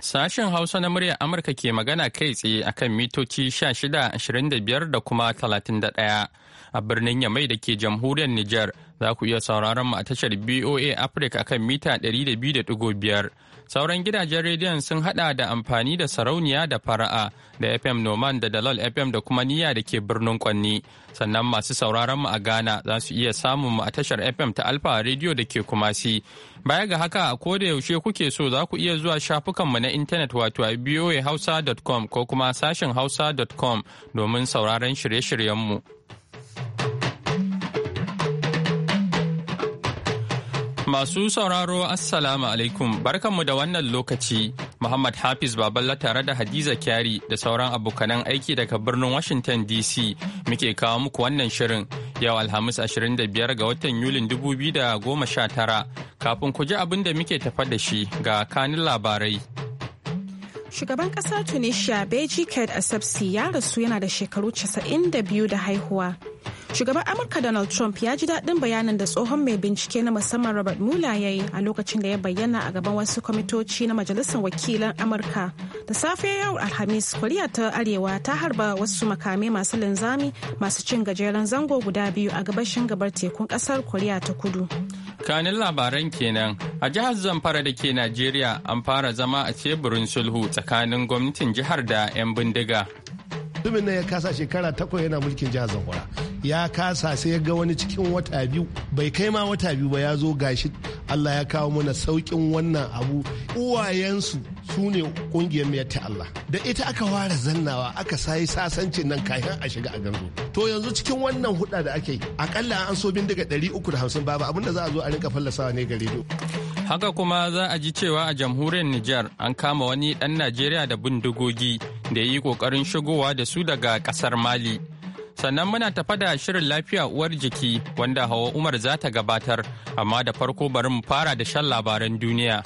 Sashen Hausa na muryar Amurka ke magana kai tsaye kan mitoci 1625 da kuma 31 a birnin Yamai da ke jamhuriyar Nijar za ku iya sauraron mu a tashar BOA Africa akan mita 200.5. Sauran gidajen rediyon sun hada da amfani da sarauniya da fara'a da FM Noman da Dalal FM da kuma niyya da ke birnin Kwanni. Sannan masu sauraron mu a Ghana za su iya samun mu a tashar FM ta Alfa Radio da ke Kumasi. Baya ga haka a koda yaushe kuke so za ku iya zuwa shafukanmu na intanet wato a voahausa.com ko kuma sashen hausa.com domin sauraron shirye-shiryenmu. Masu sauraro Assalamu alaikum barkanmu da wannan lokaci Muhammad Hafiz Baballa tare da Hadiza Kyari da sauran abokanan aiki daga birnin Washington DC muke kawo muku wannan shirin Yau Alhamis 25 ga watan Yulin 2019 kafin ku ji abin da muke tafa da shi ga kanin labarai. Shugaban kasa Tunisia Beji Ked Asabsi ya rasu yana da shekaru 92 da haihuwa. Shugaban Amurka Donald Trump ya ji daɗin bayanin da tsohon mai bincike na musamman Robert Mueller ya yi a lokacin da ya bayyana a gaban wasu kwamitoci na Majalisar Wakilan Amurka. Da safe yau Alhamis, Koriya ta Arewa ta harba wasu makamai masu linzami masu cin gajeren zango guda biyu a gabashin gabar tekun ƙasar Koriya ta Kudu. Kanin labaran kenan a jihar Zamfara da ke Najeriya an fara zama a teburin sulhu tsakanin gwamnatin jihar da 'yan bindiga. mutumin nan ya kasa shekara takwas yana mulkin jihar zamfara ya kasa sai ya ga wani cikin wata biyu bai kai ma wata biyu ba ya zo gashi allah ya kawo mana saukin wannan abu uwayensu su ne kungiyar mai ta Allah da ita aka ware zannawa aka sayi sasancin nan kafin a shiga a ganzo to yanzu cikin wannan hudda da ake yi akalla an so bin daga 350 babu da za a zo a rinka fallasawa ne ga rediyo haka kuma za a ji cewa a jamhuriyar Nijar an kama wani ɗan Najeriya da bindigogi da ya yi ƙoƙarin shigowa da su daga ƙasar Mali. Sannan muna tafa da shirin lafiya uwar jiki wanda Hawa Umar za ta gabatar, amma da farko bari mu fara da shan labaran duniya.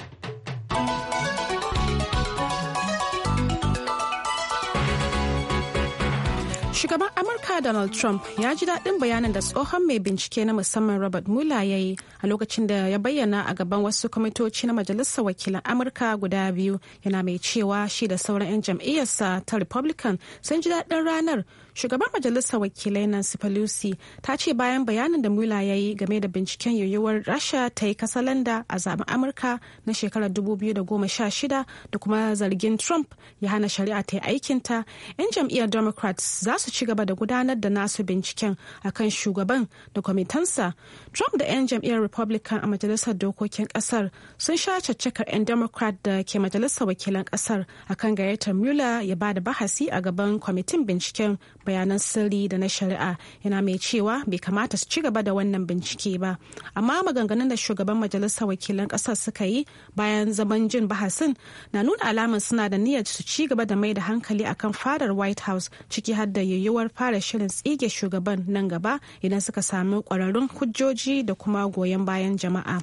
Shugaban Amurka Donald Trump ya ji daɗin bayanin da tsohon mai bincike na musamman Robert Mueller ya yi a lokacin da ya bayyana a gaban wasu kwamitoci na Majalisar Wakilan Amurka guda biyu yana mai cewa shi da sauran 'yan jam'iyyarsa ta Republican sun ji daɗin ranar shugaban majalisar wakilai nancy pelosi ta ce bayan bayanin da mula ya yi game da binciken yoyuwar rasha ta yi kasalanda a zaben amurka na shekarar 2016 da kuma zargin trump ya hana shari'a ta yi aikinta 'yan jam'iyyar democrats za su ci gaba da gudanar da nasu binciken akan shugaban da kwamitansa trump da 'yan jam'iyyar republican a majalisar dokokin kasar sun sha 'yan democrat da ke majalisar wakilan kasar akan gayyatar mula ya ba da bahasi a gaban kwamitin binciken bayanan sirri da na shari'a yana mai cewa bai kamata su ci gaba da wannan bincike ba amma maganganun da shugaban majalisar wakilan ƙasar suka yi bayan zaman jin bahasin na nuna alamar suna da niyyar su ci gaba da mai da hankali akan fadar white house ciki har da yiwuwar fara shirin tsige shugaban nan gaba idan suka sami kwararrun hujjoji da kuma goyon bayan jama'a.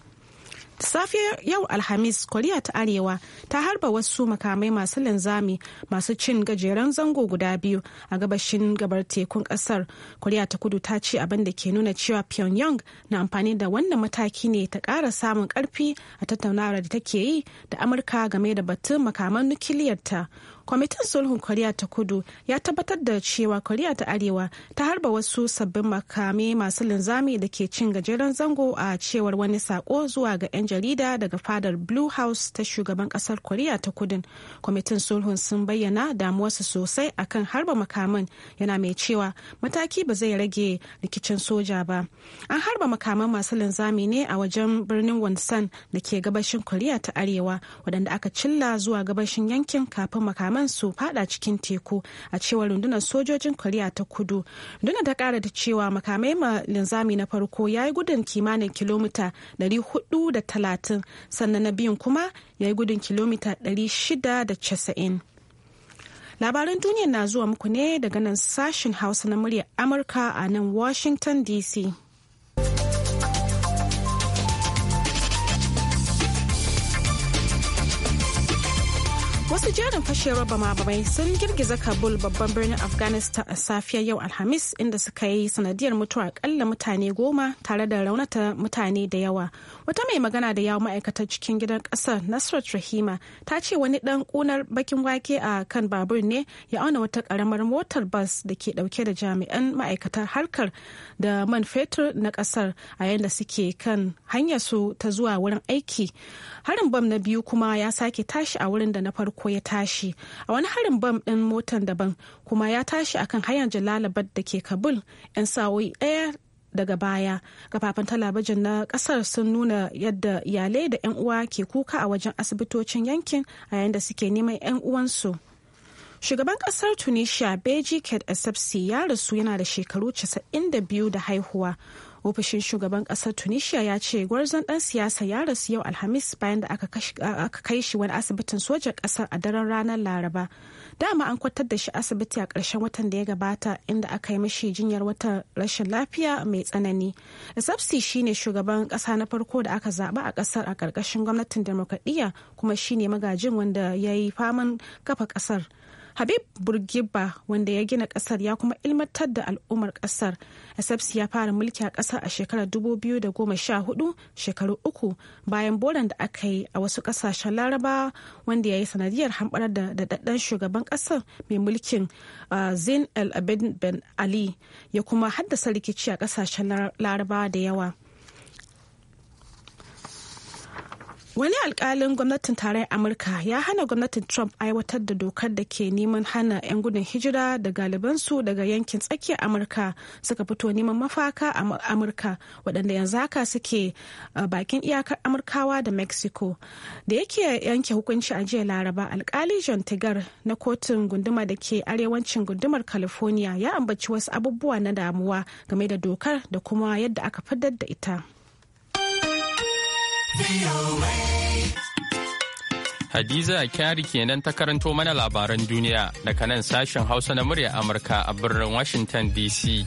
safe yau alhamis koriya ta arewa ta harba wasu makamai masu linzami masu cin gajeren zango guda biyu a gabashin gabar tekun kasar koriya ta kudu ta ce abin da ke nuna cewa pyongyang na amfani da wannan mataki ne ta kara samun karfi a tattaunawar da take yi da amurka game da batun makaman nukiliyarta kwamitin sulhun koriya ta kudu ya tabbatar da cewa koriya ta arewa ta harba wasu sabbin makame masu linzami da ke cin gajeren zango a cewar wani sako zuwa ga 'yan jarida daga fadar blue house ta shugaban kasar koriya ta kudu kwamitin sulhun sun bayyana damuwarsu sosai akan harba makaman yana mai cewa mataki ba zai rage rikicin soja ba an harba makaman masu linzami ne a wajen birnin wonsan da ke gabashin koriya ta arewa waɗanda aka cilla zuwa gabashin yankin kafin makaman makaman su fada cikin teku a cewar rundunar sojojin koriya ta kudu rundunar ta kara da cewa makamai ma linzami na farko ya yi gudun kimanin kilomita 430 sannan na biyun kuma ya yi gudun kilomita 690 labaran duniya na zuwa muku ne daga nan sashen hausa na murya amurka a nan washington dc Wasu jerin fashin raba mabamai sun girgiza Kabul babban birnin Afghanistan a safiyar yau Alhamis inda suka yi sanadiyar mutuwa akalla mutane goma tare da raunata mutane da yawa. Wata mai magana da yawa ma'aikatar cikin gidan kasar Nasrat Rahima ta ce wani ɗan ƙunar bakin wake a kan babur ne ya auna wata karamar motar bas da ke ɗauke da jami'an ma'aikatar harkar da man fetur na ƙasar a yayin da suke kan hanyar su ta zuwa wurin aiki. Harin bam na biyu kuma ya sake tashi a wurin da na farko ko ya tashi a wani harin bam ɗin motan daban kuma ya tashi akan hanyar jalalabad da ke kabul 'yan sawoyi ɗaya daga baya kafafen talabijin na kasar sun nuna yadda iyalai da 'yan uwa ke kuka a wajen asibitocin yankin a yayin da suke neman 'yan uwansu. Shugaban kasar Tunisia Beji Ket Essebsi ya rasu yana da shekaru 92 da haihuwa. Ofishin shugaban kasar Tunisia ya ce gwarzon dan siyasa ya rasu yau Alhamis bayan da aka kai shi wani asibitin sojan kasar a daren ranar Laraba. Dama an kwatar da shi asibiti a ƙarshen watan da ya gabata inda aka yi mashi jinyar wata rashin lafiya mai tsanani. esepsi shine shugaban ƙasa na farko da aka zaba a ƙasar a ƙarƙashin gwamnatin demokradiyya kuma shine magajin wanda ya yi faman kafa ƙasar. habib burgiba wanda ya gina kasar ya kuma ilmantar da al'ummar kasar asabsi ya fara mulki a kasar a shekarar 2014 shekaru uku bayan boran da aka yi a wasu kasashen laraba wanda ya yi sanadiyar hamɓar da daɗaɗɗen shugaban kasar mai mulkin zain el abed ben ali ya kuma haddasa rikici a kasashen laraba da yawa Wani alkalin gwamnatin tarayyar Amurka ya hana gwamnatin Trump aiwatar da dokar da ke neman hana 'yan gudun hijira da galibansu daga yankin tsakiyar Amurka suka fito neman mafaka a Amurka waɗanda yanzu haka suke uh, bakin iyakar Amurkawa da Mexico. Da yake yanke hukunci a jiya Laraba alkali John Tigar na kotun gunduma da ke arewacin gundumar California ya ambaci wasu abubuwa na damuwa game da dokar da kuma yadda aka fitar da ita. Hadiza Kyari kenan ta karanto mana labaran duniya daga nan sashen Hausa na murya Amurka a birnin Washington DC.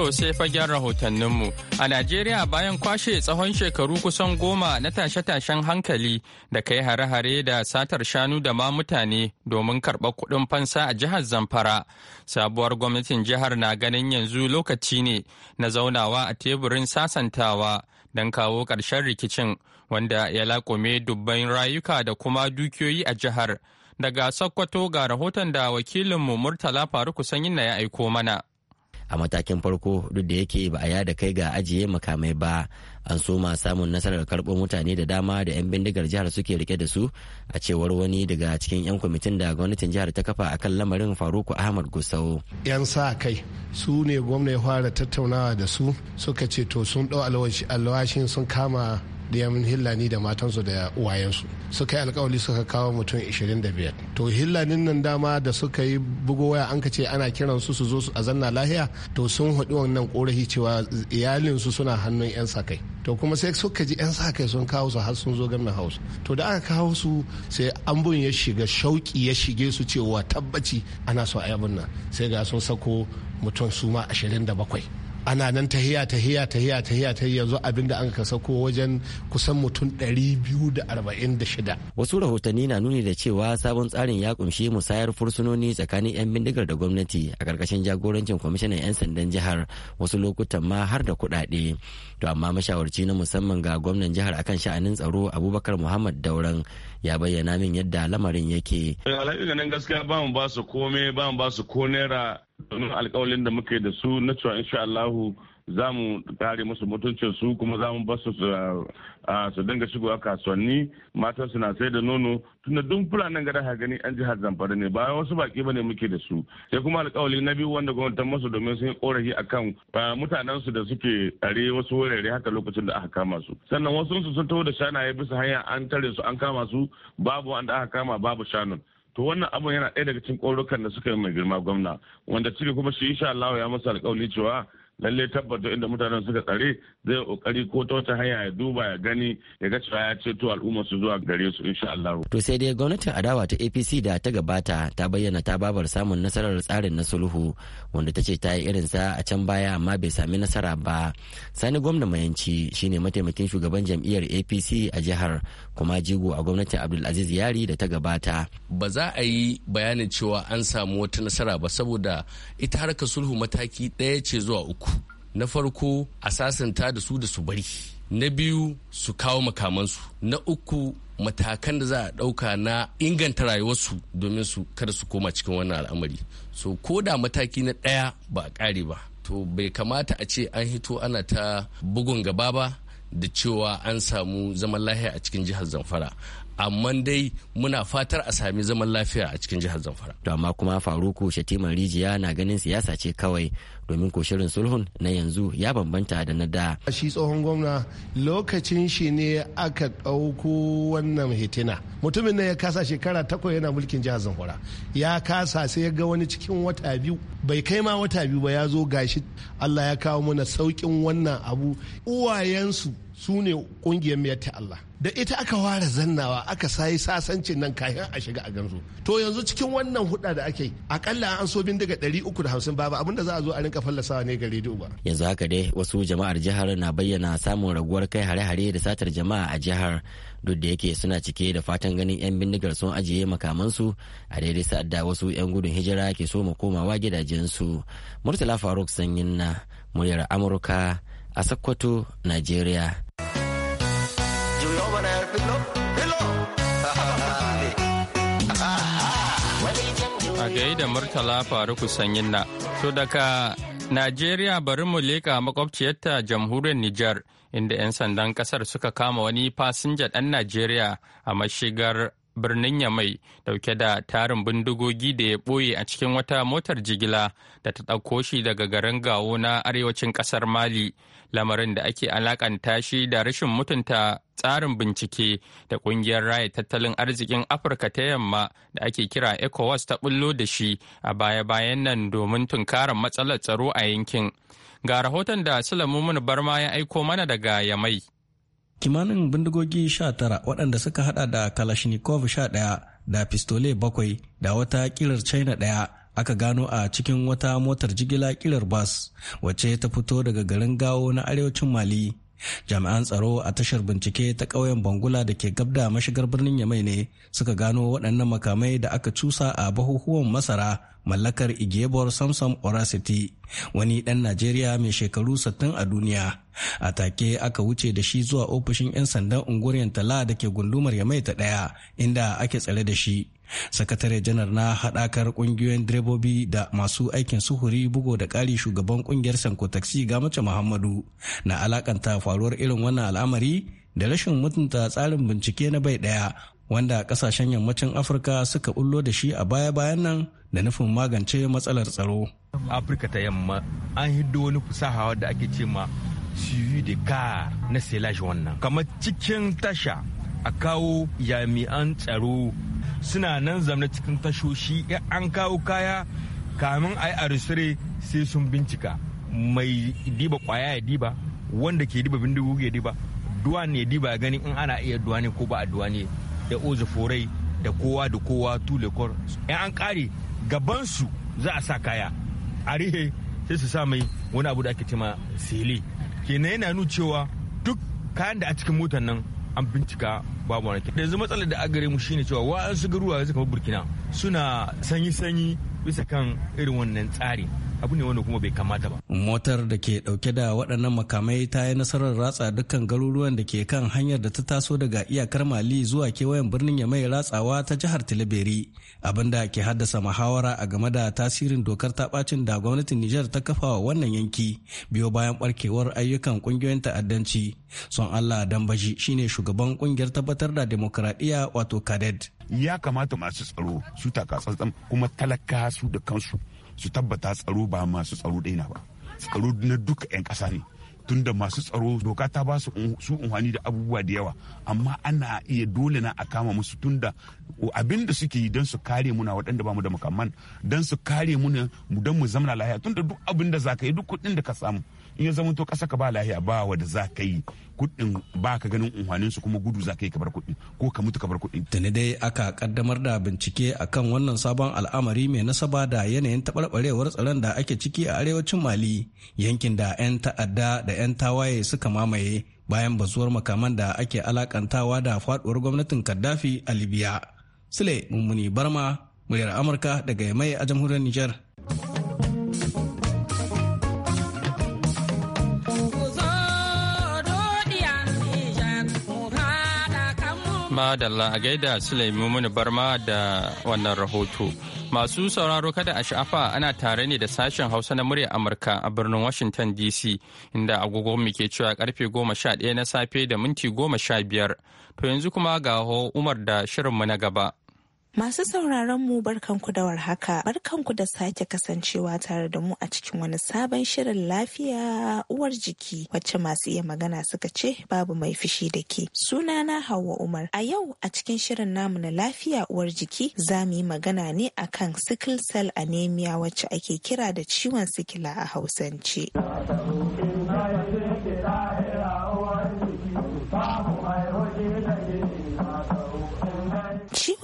Sokoto sai fagen rahotanninmu. A Najeriya bayan kwashe tsawon shekaru kusan goma na tashe-tashen hankali da kai hare-hare da satar shanu da ma mutane domin karɓar kuɗin fansa a jihar Zamfara. Sabuwar gwamnatin jihar na ganin yanzu lokaci ne na zaunawa a teburin sasantawa don kawo ƙarshen rikicin wanda ya laƙume dubban rayuka da kuma dukiyoyi a jihar. Daga Sokoto ga rahoton da wakilinmu Murtala Faruku Sanyin na ya aiko mana. a matakin farko duk da yake ba a yada kai ga ajiye makamai ba an soma samun nasarar karɓo mutane da dama da 'yan bindigar jihar suke rike da su a cewar wani daga cikin 'yan kwamitin da gwamnatin jihar ta kafa akan lamarin faruku ahmad gusau 'yan sa kai su ne gwamna ya fara tattaunawa da su suka ce to sun ɗau alwashin sun kama ɗiyan hillani da matansu da uwayensu suka yi alkawali suka kawo mutum 25 to hillanin nan dama da suka yi bugo waya an ce ana kiran su su zo su a zanna lahiya to sun haɗu wannan korafi cewa iyalinsu suna hannun 'yan sakai to kuma sai suka ji 'yan sakai sun kawo su har sun zo gamin house to da aka kawo su sai ambun ya shiga shauki ya shige su cewa tabbaci ana so a abin nan sai ga sun sako mutum su ma 27 ana nan tahiya tahiya tahiya tahiya ta yanzu abin da an ka sako wajen kusan mutum 246 wasu rahotanni na nuni da cewa sabon tsarin ya kunshi musayar fursunoni tsakanin 'yan bindigar da gwamnati a karkashin jagorancin kwamishinan 'yan sandan jihar wasu lokutan ma har da kuɗaɗe to amma mashawarci na musamman ga gwamnan jihar akan sha'anin tsaro abubakar muhammad dauran ya bayyana min yadda lamarin yake. ganin gaskiya ba mu ba su komai ba mu ba su ko naira domin alkawalin da muke da su na cewa insha Allahu za mu kare musu mutuncin su kuma za mu basu su dinga shigowa kasuwanni matan su na sai da nono tunda duk fulanin gada ha gani an jihar zamfara ne ba wasu baki bane muke da su sai kuma alkawali na biyu wanda gwamnatin musu domin sun yi korafi akan mutanen su da suke tare wasu wurare haka lokacin da aka kama su sannan wasu sun taho da shanaye bisa hanya an tare su an kama su babu wanda aka kama babu shanun to wannan abun yana ɗaya daga cikin ƙorukan da suka yi mai girma gwamna wanda cire kuma shi insha Allah ya masa alƙawari cewa lalle tabbata inda mutanen suka tsare zai kokari ko ta wata hanya ya duba ya gani ya ga cewa ya ceto al'umma su zuwa gare su insha Allah to sai dai gwamnatin adawa ta APC da ta gabata ta bayyana ta babar samun nasarar tsarin na sulhu wanda ta ce ta yi irin sa a can baya amma bai sami nasara ba sani gwamna mayanci shine mataimakin shugaban jam'iyyar APC a jihar kuma jigo a gwamnatin Abdulaziz Yari da ta gabata ba za a yi bayanin cewa an samu wata nasara ba saboda ita harkar sulhu mataki ɗaya ce zuwa uku na farko a sasanta da su da su bari na biyu su kawo makamansu na uku matakan da za a ɗauka na inganta rayuwarsu domin su kada su koma cikin wannan al'amari so ko da mataki na ɗaya ba a ƙare ba to bai kamata a ce an hito ana ta bugun gaba ba da cewa an samu zaman lahiya a cikin jihar zamfara amma dai muna fatar a sami zaman lafiya a cikin jihar zamfara to amma kuma faruku shatiman rijiya na ganin siyasa ce kawai domin koshirin sulhun na yanzu ya bambanta da na da shi tsohon gwamna lokacin shi ne aka ɗauko wannan hitina mutumin nan ya kasa shekara takwai yana mulkin jihar zamfara ya kasa sai ya ga wani cikin wata biyu bai kai ma wata biyu ba ya zo gashi allah ya kawo mana sauƙin wannan abu uwayensu su ne kungiyar miyar ta Allah da ita aka ware zannawa aka sayi sasancin nan kayan a shiga a ganzu to yanzu cikin wannan huɗa da ake akalla an so bin daga 350 babu da za a zo a rinka fallasawa ne ga rediyo ba yanzu haka dai wasu jama'ar jihar na bayyana samun raguwar kai hare-hare da satar jama'a a jihar duk da yake suna cike da fatan ganin 'yan bindigar sun ajiye makamansu a daidai sa'ad da wasu 'yan gudun hijira ke so mu komawa gidajensu murtala faruk sanyin na muryar amurka a sakkwato nigeria Yo jobbar A gaida Murtala Faruku Sanyin na, so daga Najeriya bari mu leƙa makwabciyarta jamhuriyar Nijar inda 'yan sandan kasar suka kama wani fasinja ɗan Najeriya a mashigar birnin Yamai dauke da tarin bindigogi da ya ɓoye a cikin wata motar jigila da ta ɗauko shi daga garin Gawo na arewacin ƙasar Mali lamarin da ake alakanta shi da rashin mutunta tsarin bincike da kungiyar raya tattalin arzikin afirka ta yamma da ake kira ecowas ta bullo da shi a baya-bayan nan domin tunkarar matsalar tsaro a yankin ga rahoton da sulamumun barma ya aiko mana daga yamai kimanin bindigogi tara waɗanda suka hada da kalashnikov 11 da pistole 7 da wata kirar china ɗaya aka gano a cikin wata motar jigila kirar bas wacce ta fito daga garin gawo na arewacin mali jami'an tsaro a tashar bincike ta ƙauyen bangula da ke gabda mashigar birnin yamai ne suka gano waɗannan makamai da aka cusa a bahuhuwan masara mallakar igiyebor samsam orasiti wani ɗan najeriya mai shekaru 60 a duniya a take aka wuce da shi zuwa ofishin 'yan sandan unguriyar tala da ke gundumar yamai ta ɗaya inda ake tsare da shi sakatare janar na haɗakar ƙungiyoyin direbobi da masu aikin suhuri bugu da ƙari shugaban ƙungiyar sanko taxi ga mace muhammadu na alakanta faruwar irin wannan al'amari da rashin mutunta tsarin bincike na bai ɗaya wanda ƙasashen yammacin afirka suka bullo da shi a baya-bayan nan da nufin magance matsalar tsaro afirka ta yamma an hiddo wani fusaha wadda ake ce ma suyi da kar na selage wannan kamar cikin tasha a kawo jami'an tsaro suna nan zamna cikin tashoshi an kawo kaya kamin a yi arisire sai sun bincika mai diba kwaya ya diba wanda ke diba bindigogi ya diba duwa ne diba gani in ana iya duwa ne ko ba a duwa ne da oza forai da kowa da kowa tulekor in an kare gabansu za a sa kaya a rihe sai su sa mai wani abu da ake cema sele kenan yana nu cewa duk kayan da a cikin motan nan an bincika babu wani yanzu matsalar da agare mu shine cewa wa'ansu garuwa suka burkina suna sanyi-sanyi bisa kan irin wannan tsari abu ne wanda kuma bai kamata ba motar da ke dauke da waɗannan makamai ta yi nasarar ratsa dukkan garuruwan da ke kan hanyar da ta taso daga iyakar mali zuwa kewayen birnin ya mai ratsawa ta jihar abin da ke haddasa muhawara a game da tasirin dokar ta bacin da gwamnatin nijar ta kafa wa wannan yanki biyo bayan barkewar ayyukan kungiyoyin ta'addanci son allah dambaji shine shugaban kungiyar tabbatar da demokradiyya wato kadet ya kamata masu tsaro su taka tsantsan kuma talaka su da kansu su tabbata tsaro ba masu tsaro daina ba tsaro na duka 'yan ƙasa ne tunda masu tsaro doka ta ba su unhani da abubuwa da yawa amma ana iya dole na a kama musu tunda abin da suke yi don su kare muna waɗanda ba mu da makaman don su kare muna don mu zamana lahiya tunda duk abin da za ka yi duk kuɗin da ka samu in ya zama to ƙasa ka ba lahiya ba wa da za ka yi kuɗin ba ka ganin unhwanin su kuma gudu za ka yi kabar kuɗin ko ka mutu kabar kuɗin. Tuni dai aka kaddamar da bincike akan wannan sabon al'amari mai nasaba da yanayin taɓarɓarewar tsaron da ake ciki a arewacin Mali yankin da 'yan ta'adda da 'yan tawaye suka mamaye bayan bazuwar makaman da ake alakantawa da faɗuwar gwamnatin Kaddafi a Libya. Sule Mummuni Barma, muryar Amurka daga Yamai a jamhuriyar Nijar. Madalla a gaida Sulaimu Barma da wannan rahoto. Masu sauraro kada a sha'afa ana tare ne da sashen Hausa na murya Amurka a birnin Washington DC inda mu ke cewa karfe goma sha ɗaya na safe da minti goma sha biyar. To yanzu kuma ga Umar da shirinmu na gaba. Masu sauraron mu barkanku da warhaka, barkanku da sake kasancewa tare da mu a cikin wani sabon shirin lafiya uwar jiki wacce masu iya magana suka ce babu mai fushi da ke. Sunana Hauwa Umar. A yau a cikin shirin namu na lafiya uwar jiki za mu yi magana ne akan sickle cell anemia wacce ake kira da ciwon sikila a Hausance.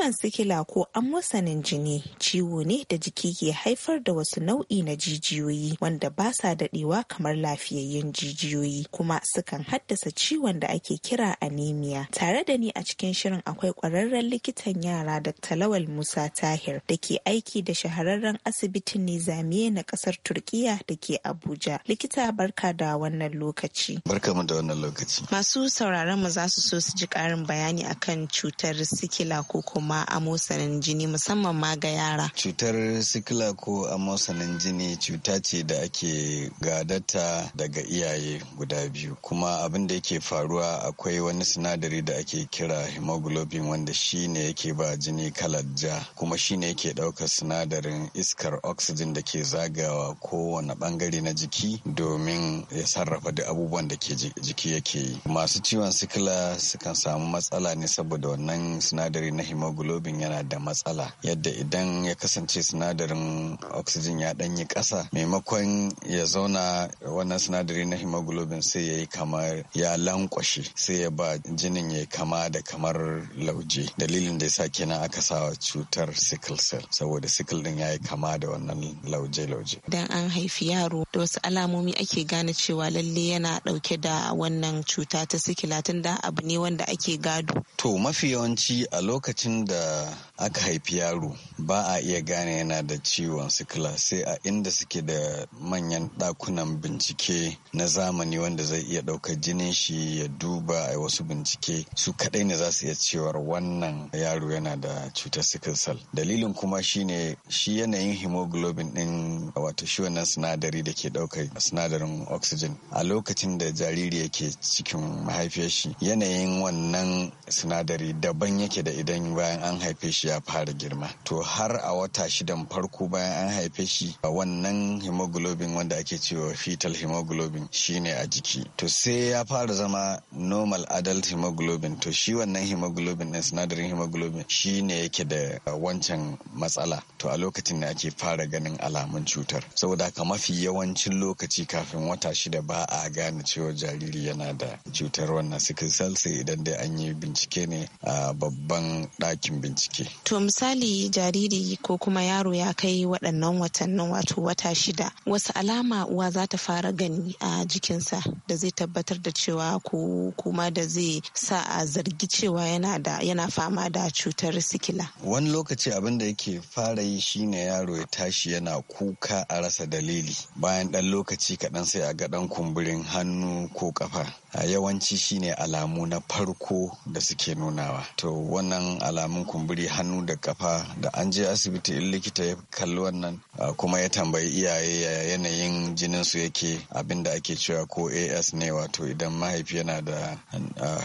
ciwon sikila ko amosanin jini ciwo ne da jiki ke haifar da wasu nau'i na jijiyoyi wanda ba sa daɗewa kamar lafiyayyen jijiyoyi kuma sukan haddasa ciwon da ake kira anemia. Tare da ni a cikin shirin akwai ƙwararren likitan yara da Talawal Musa Tahir da ke aiki da shahararren asibitin Nizamiye na ƙasar Turkiya da ke Abuja. Likita barka da wannan lokaci. Barka mu da wannan lokaci. Masu sauraron mu za su so su ji ƙarin bayani akan cutar sikila ko kuma kuma amosanin jini musamman ma ga yara. Cutar sikila ko amosanin jini cuta ce da ake gadata daga iyaye guda biyu kuma abin da yake faruwa akwai wani sinadari da ake kira hemoglobin wanda shi ne yake ba jini kalar ja kuma shi ne yake ɗaukar sinadarin iskar oxygen da ke zagawa kowane bangare na jiki domin ya sarrafa duk abubuwan da ke jiki yake yi masu ciwon sikila sukan samu matsala ne saboda wannan sinadari na hemoglobin hemoglobin yana da matsala yadda idan ya kasance sinadarin oxygen ya danyi ƙasa maimakon ya zauna wannan sinadari na hemoglobin sai ya yi kamar ya lankwashe sai ya ba jinin ya kama da kamar lauje dalilin da ya sa kenan aka sa cutar sickle cell saboda sickle din ya yi kama da wannan lauje-lauje. Dan an haifi yaro da wasu alamomi ake gane cewa lalle yana dauke da wannan cuta ta sikila tun da abu ne wanda ake gado. To mafi yawanci a lokacin da aka haifi yaro ba a iya gane yana da ciwon sikila sai a inda suke da manyan ɗakunan bincike na zamani wanda zai iya ɗaukar jinin shi ya duba a wasu bincike su kadai ne za su iya cewar wannan yaro yana da cutar sickle cell dalilin kuma shine shi yanayin hemoglobin ɗin wato shi wannan sinadari da ke ɗaukar sinadarin oxygen a lokacin da jariri yake cikin mahaifiyar shi yanayin wannan sinadari daban yake da idan bayan bayan an haife shi ya fara girma to har a wata shidan farko bayan an haife shi a wannan hemoglobin wanda ake cewa fetal hemoglobin shine a jiki to sai ya fara zama normal adult hemoglobin to shi wannan hemoglobin din sinadarin hemoglobin shine yake da wancan matsala to a lokacin da ake fara ganin alamun cutar saboda ka mafi yawancin lokaci kafin wata shida ba a gane cewa jariri yana da cutar wannan sickle cell sai idan dai an yi bincike ne a babban ɗakin cikin bincike. To misali jariri ko kuma yaro ya kai waɗannan watannin wato wata shida wasu alama uwa za ta fara gani a jikinsa da zai tabbatar da cewa ko kuma da zai sa a zargi cewa yana da yana fama da cutar sikila. Wani lokaci abin da yake fara yi shine yaro ya tashi yana kuka a rasa dalili bayan ɗan lokaci kaɗan sai a ga ɗan kumburin hannu ko kafa yawanci shine alamu na farko da suke nunawa to wannan alamun kumburi hannu da kafa da an je asibiti in likita ya kalli wannan kuma ya tambayi iyaye ya yanayin jinin su yake abinda ake cewa ko as ne wato idan mahaifi yana da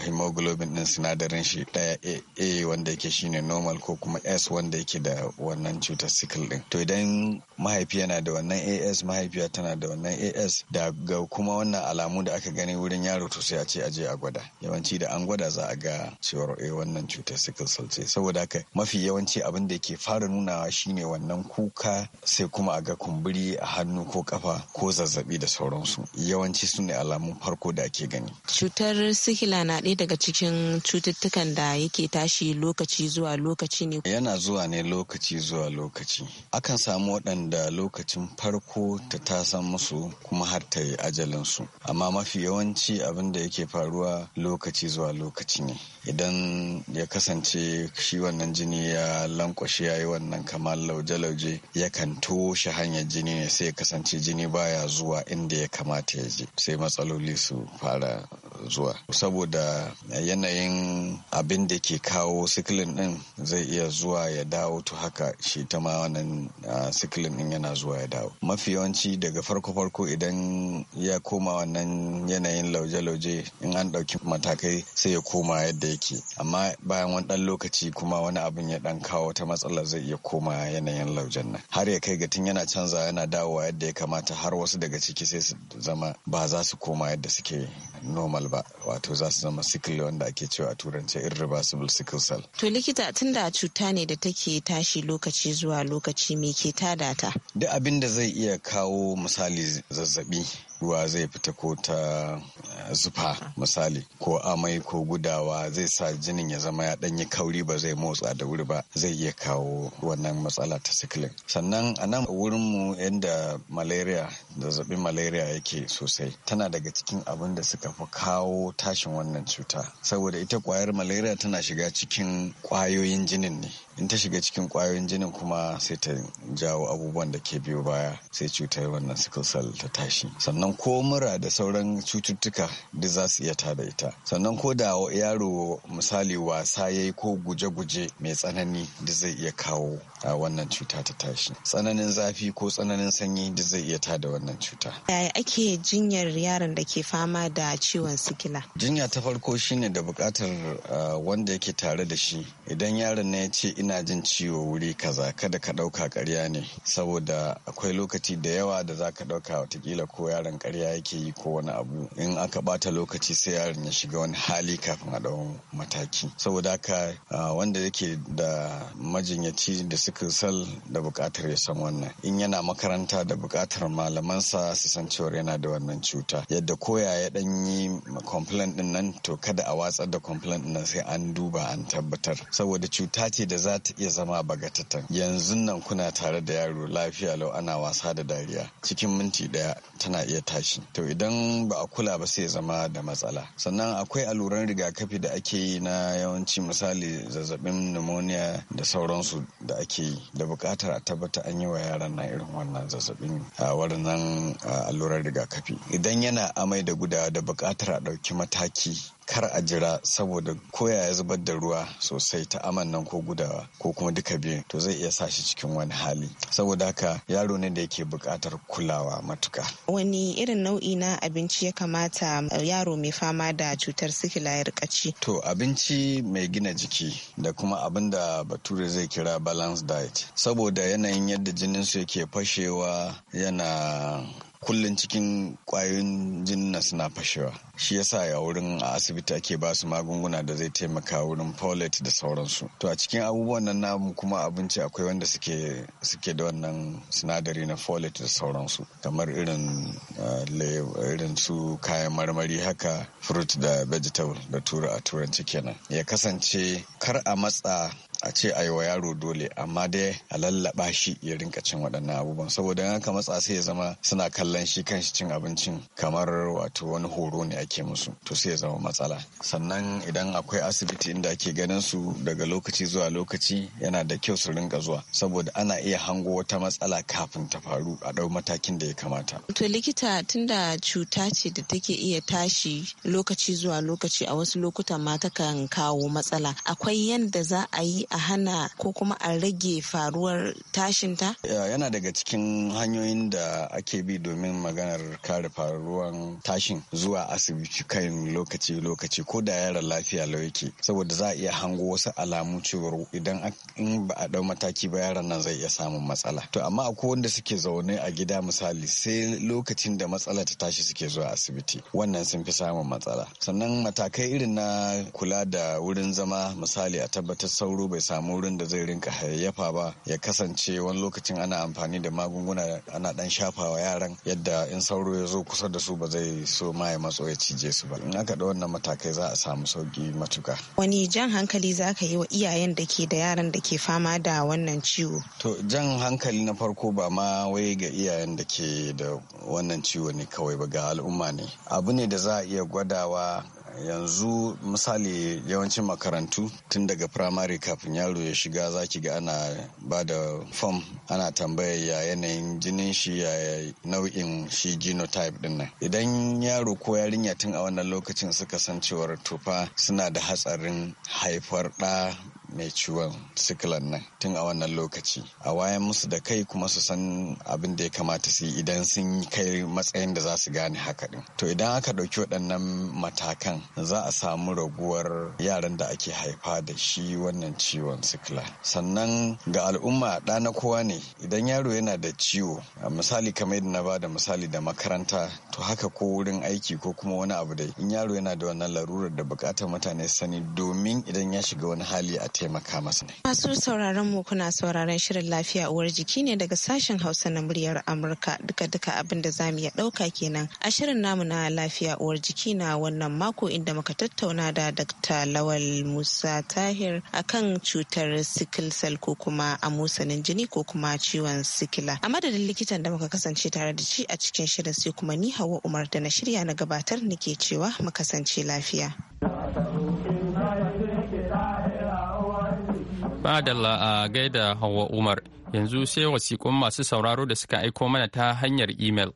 hemoglobin din sinadarin shi daya a wanda yake shine normal ko kuma s wanda yake da wannan cutar sickle din to idan mahaifi yana da wannan as mahaifiya tana da wannan as da ga kuma wannan alamu da aka gani wurin yaro to sai a ce a je a gwada yawanci da an gwada za a ga cewar eh wannan cutar sickle cell ce saboda haka mafi yawanci abin da ke fara nunawa shine wannan kuka sai kuma a ga kumburi a hannu ko kafa ko zazzabi da sauransu yawanci su ne alamun farko da ake gani cutar sikila na ɗaya daga cikin cututtukan da yake tashi lokaci zuwa lokaci ne yana zuwa ne lokaci zuwa lokaci akan samu waɗanda lokacin farko ta tasan musu kuma har ta yi ajalinsu amma mafi yawanci abin abin da yake faruwa lokaci zuwa lokaci ne idan ya kasance shi wannan jini ya lankwashe ya yi wannan kamar lauje-lauje yakan toshe hanyar jini ne sai ya kasance jini baya zuwa inda ya kamata ya je sai matsaloli su fara zuwa saboda yanayin abin da ke kawo sikilin din zai iya zuwa ya dawo to haka shi ta ma wannan sikilin din yana zuwa ya dawo mafi yawanci daga farko-farko idan ya koma wannan yanayin lauje-lauje lauje in an ɗauki matakai sai ya koma yadda yake amma bayan wani ɗan lokaci kuma wani abin ya ɗan kawo ta matsala zai iya koma yanayin laujen nan har ya kai ga tun yana canza yana dawowa yadda ya kamata har wasu daga ciki sai su zama ba za su koma yadda suke normal ba wato za su zama sickle wanda ake cewa a turance irreversible sickle cell to likita tunda cuta ne da take tashi lokaci zuwa lokaci me ke tada ta duk abin da zai iya kawo misali zazzabi ruwa zai fita ko ta zufa misali ko amai ko gudawa zai sa jinin ya zama ya danyi kauri ba zai motsa da wuri ba zai iya kawo wannan matsala ta sikilin sannan a nan wurin mu yadda malaria zazzabin malaria yake sosai tana daga cikin abin da suka fi kawo tashin wannan cuta saboda ita kwayar malaria tana shiga cikin kwayoyin jinin ne in ta shiga cikin kwayoyin jinin kuma sai ta jawo abubuwan da ke biyo baya sai cutar wannan sickle cell ta tashi sannan ko mura da sauran cututtuka duk za su iya tada ita sannan ko da yaro misali wasa ya yi ko guje-guje mai tsanani duk zai iya kawo a wannan cuta ta tashi tsananin zafi ko tsananin sanyi duk zai iya tada wannan cuta yaya ake jinyar yaron da ke fama da ciwon sikila jinya ta farko shine da bukatar wanda yake tare da shi idan yaron na ya ce ina jin ciwo wuri kaza kada ka dauka karya ne saboda akwai lokaci da yawa da za ka dauka watakila ko yaron karya yake yi ko wani abu in aka ka bata lokaci sai yaron ya shiga wani hali kafin a ɗau mataki saboda haka wanda yake da majinyaci da suka sal da bukatar ya san wannan in yana makaranta da bukatar malamansa su san cewa yana da wannan cuta yadda koya ya ɗan yi complaint ɗin nan to kada a watsar da complaint ɗin nan sai an duba an tabbatar saboda cuta ce da za ta iya zama bagatatan yanzu nan kuna tare da yaro lafiya lau ana wasa da dariya cikin minti ɗaya tana iya tashi to idan ba a kula ba sai zama da matsala sannan akwai alluran rigakafi da ake yi na yawanci misali zazzabin pneumonia da sauransu da ake yi da bukatar a tabbata an yi wa yaran na irin wannan zazzabin a waɗannan alluran rigakafi idan yana amai da gudawa da bukatar a ɗauki mataki kar a jira saboda koya ya zubar da ruwa sosai ta aman nan ko gudawa ko kuma duka biyu to zai iya sa shi cikin wani hali saboda haka yaro ne da yake buƙatar kulawa matuka wani irin nau'i na abinci ya kamata yaro mai fama da cutar sikila ya rika ci to abinci mai gina jiki da kuma abin da bature zai kira balance diet saboda yanayin yadda jinin su yake fashewa yana kullum cikin kwayoyin jinna suna fashewa shi yasa ya wurin a asibiti ake ba su magunguna da zai taimaka wurin folate da sauransu to a cikin abubuwan nan namu kuma abinci akwai wanda suke da wannan sinadari na folate da sauransu kamar irin eh, irin su kayan marmari haka fruit da vegetable da tura a turanci kenan ya kasance kar a matsa a ce a yi wa yaro dole amma dai a lallaba shi ya rinka cin waɗannan abubuwan saboda haka matsa sai ya zama suna kallon shi kan shi cin abincin kamar wato wani horo ne ake musu to sai ya zama matsala sannan idan akwai asibiti inda ake ganin su daga lokaci zuwa lokaci yana da kyau su rinka zuwa saboda ana iya hango wata matsala kafin ta faru a ɗau matakin da ya kamata. To likita tunda cuta ce da take iya tashi lokaci zuwa lokaci a wasu lokutan ma takan kawo matsala akwai yadda za a yi a hana ko kuma a rage faruwar tashin ta? Yana daga cikin hanyoyin da ake bi domin maganar kare faruwar tashin zuwa asibiti kan lokaci-lokaci ko da yaran lafiya lau yake saboda za a iya hango wasu alamu cewar idan ba a dau mataki ba yaran nan zai iya samun matsala. To amma akwai wanda suke zaune a gida misali sai lokacin da matsala ta tashi suke zuwa asibiti wannan sun fi samun matsala. Sannan matakai irin na kula da wurin zama misali a tabbatar sauro bai samu wurin da zai rinka hayayyafa ba ya kasance wani lokacin ana amfani da magunguna ana dan shafawa yaran yadda in sauro ya zo kusa da su ba zai so ma ya matso ya cije su ba in aka da wannan matakai za a samu sauki matuka wani jan hankali za ka yi wa iyayen da ke da yaran da ke fama da wannan ciwo to jan hankali na farko ba ma wai ga iyayen da ke da wannan ciwo ne kawai ba ga al'umma ne abu ne da za a iya gwadawa yanzu misali yawancin makarantu tun daga firamare kafin yaro ya shiga za ki ga ana ba da fom ana tambaya ya yanayin jinin shi ya nau'in shi genotype din nan idan yaro ko yarinya tun a wannan lokacin suka san cewar tufa suna da hatsarin haifar ɗa mai ciwon sikilan nan tun a wannan lokaci a wayan musu da kai kuma su san abin da ya kamata su yi idan sun kai matsayin da za su gane haka din to idan aka ɗauki waɗannan matakan za a samu raguwar yaran da ake haifa da shi wannan ciwon sikila sannan ga al'umma ɗa na kowa ne idan yaro yana da ciwo misali kamar yadda na ba da misali da makaranta to haka ko wurin aiki ko kuma wani abu dai in yaro yana da wannan larurar da bukatar mutane sani domin idan ya shiga wani hali a taimaka masa. Masu sauraron mu kuna sauraron shirin lafiya uwar jiki ne daga sashen Hausa na muryar Amurka duka duka abin da zamu mu iya ɗauka kenan a shirin namu na lafiya uwar jiki na wannan mako inda muka tattauna da Dr. Lawal Musa Tahir akan cutar sickle cell ko kuma amusanin jini ko kuma ciwon sikila. A madadin likitan da muka kasance tare da shi a cikin shirin sai kuma ni Hawwa Umar da na shirya na gabatar nake cewa mu kasance lafiya. Madalla a gaida Hauwa Umar yanzu sai wasikun masu sauraro da suka aiko mana ta hanyar imel.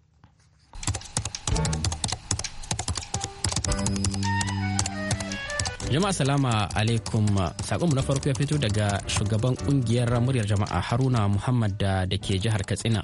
jama'a salama alaikum sakonmu na farko ya fito daga shugaban ƙungiyar muryar jama'a haruna muhammad da da ke jihar katsina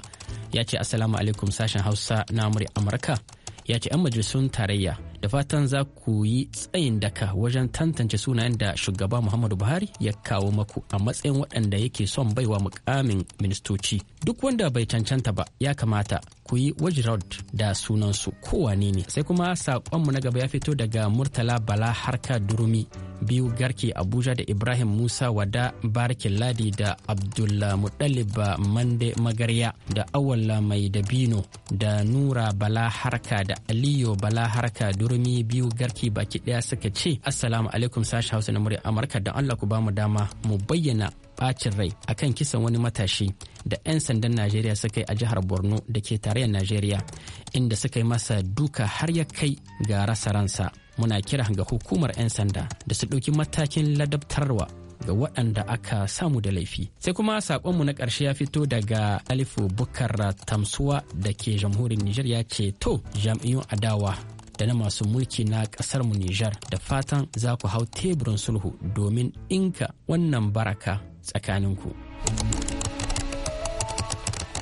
ya ce assalamu alaikum sashen hausa na murya amurka ya ce 'yan majalisun tarayya da fatan za ku yi tsayin daka wajen tantance sunayen da shugaba muhammadu buhari ya kawo maku a matsayin waɗanda yake son baiwa mukamin ministoci duk wanda bai cancanta ba ya kamata ku yi wajirod da sunansu kowane ne sai kuma saƙonmu na gaba ya fito daga murtala bala harka durumi biyu garke abuja da ibrahim musa wada barkin ladi da abdulmuɗaliba mande magarya da awalla mai dabino da nura bala harka da Aliyu bala harka durumi rundunoni biyu garki baki daya suka ce assalamu alaikum sashi hausa na murya amurka da allah ku bamu dama mu bayyana bacin rai akan kisan wani matashi da 'yan sandan najeriya suka yi a jihar borno da ke tarayyar najeriya inda suka yi masa duka har ya kai ga rasa ransa muna kira ga hukumar 'yan sanda da su ɗauki matakin ladabtarwa ga waɗanda aka samu da laifi sai kuma saƙonmu na ƙarshe ya fito daga alifu bukar tamsuwa da ke jamhuriyar nijar ya ce to jam'iyyun adawa da na masu mulki na kasar mu Nijar da fatan za ku hau teburin sulhu domin ɗinka wannan baraka tsakaninku.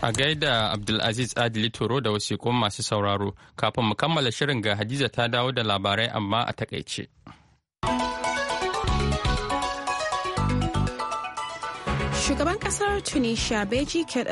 A gaida Abdulaziz Adili Toro da wasiƙun masu sauraro, kafin mu kammala shirin ga Hadiza ta dawo da labarai amma a takaice. Shugaban kasar Tunisia Beji Ked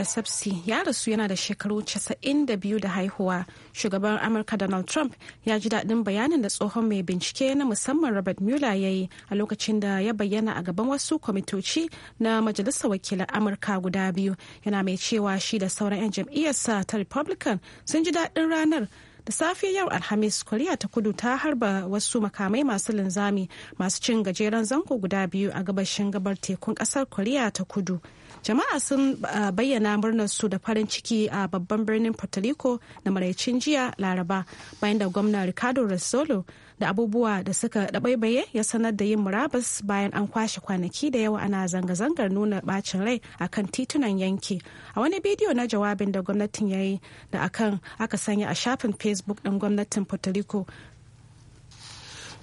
ya rasu yana da shekaru 92 da haihuwa. Shugaban Amurka Donald Trump ya ji daɗin bayanin da tsohon mai bincike na musamman Robert Mueller ya yi a lokacin da ya bayyana a gaban wasu kwamitoci na Majalisar Wakilan Amurka guda biyu. Yana mai cewa shi da sauran 'yan jam'iyyarsa ta Republican sun ji daɗin ranar da safe yau alhamis koriya ta kudu ta harba wasu makamai masu linzami masu cin gajeren zango guda biyu a gabashin gabar tekun kasar koriya ta kudu jama'a sun bayyana murnar su da farin ciki a babban birnin puerto rico na maraicin jiya laraba bayan da gwamna ricardo rasolo da abubuwa da suka ɗabaibaye ya sanar da yin murabus bayan an kwashe kwanaki da yawa ana zanga-zangar nuna bacin rai akan titunan yanki a wani bidiyo na jawabin da gwamnatin ya yi da akan aka sanya a shafin facebook ɗin gwamnatin puerto rico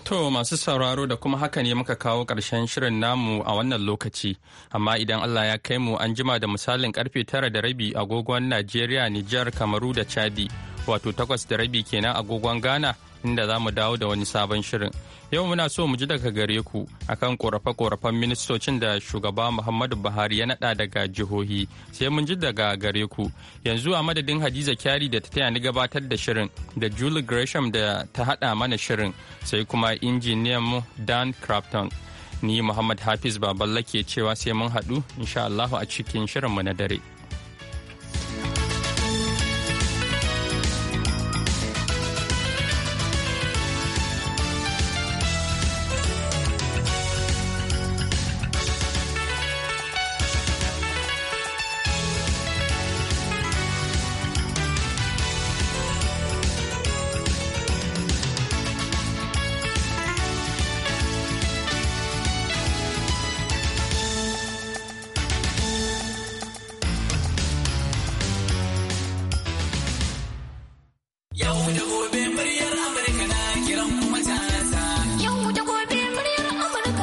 To masu sauraro da kuma haka ne muka kawo ƙarshen shirin namu a wannan lokaci, amma idan Allah ya kai mu an jima da misalin karfe tara da rabi agogon Najeriya, Nijar, Kamaru da Chadi, wato takwas da rabi kenan agogon Ghana inda za mu dawo da wani sabon shirin. Yau muna so mu ji daga gare ku akan korafe-korafen ministocin da shugaba Muhammadu Buhari ya naɗa daga jihohi sai mun ji daga gare ku. Yanzu a madadin Hadiza Kyari da ta taya ni gabatar da shirin da Julie Gresham da ta haɗa mana shirin sai kuma injiniyan mu Dan Crafton. Ni Muhammad Hafiz Baballa ke cewa sai mun haɗu insha Allahu a cikin shirin mu na dare.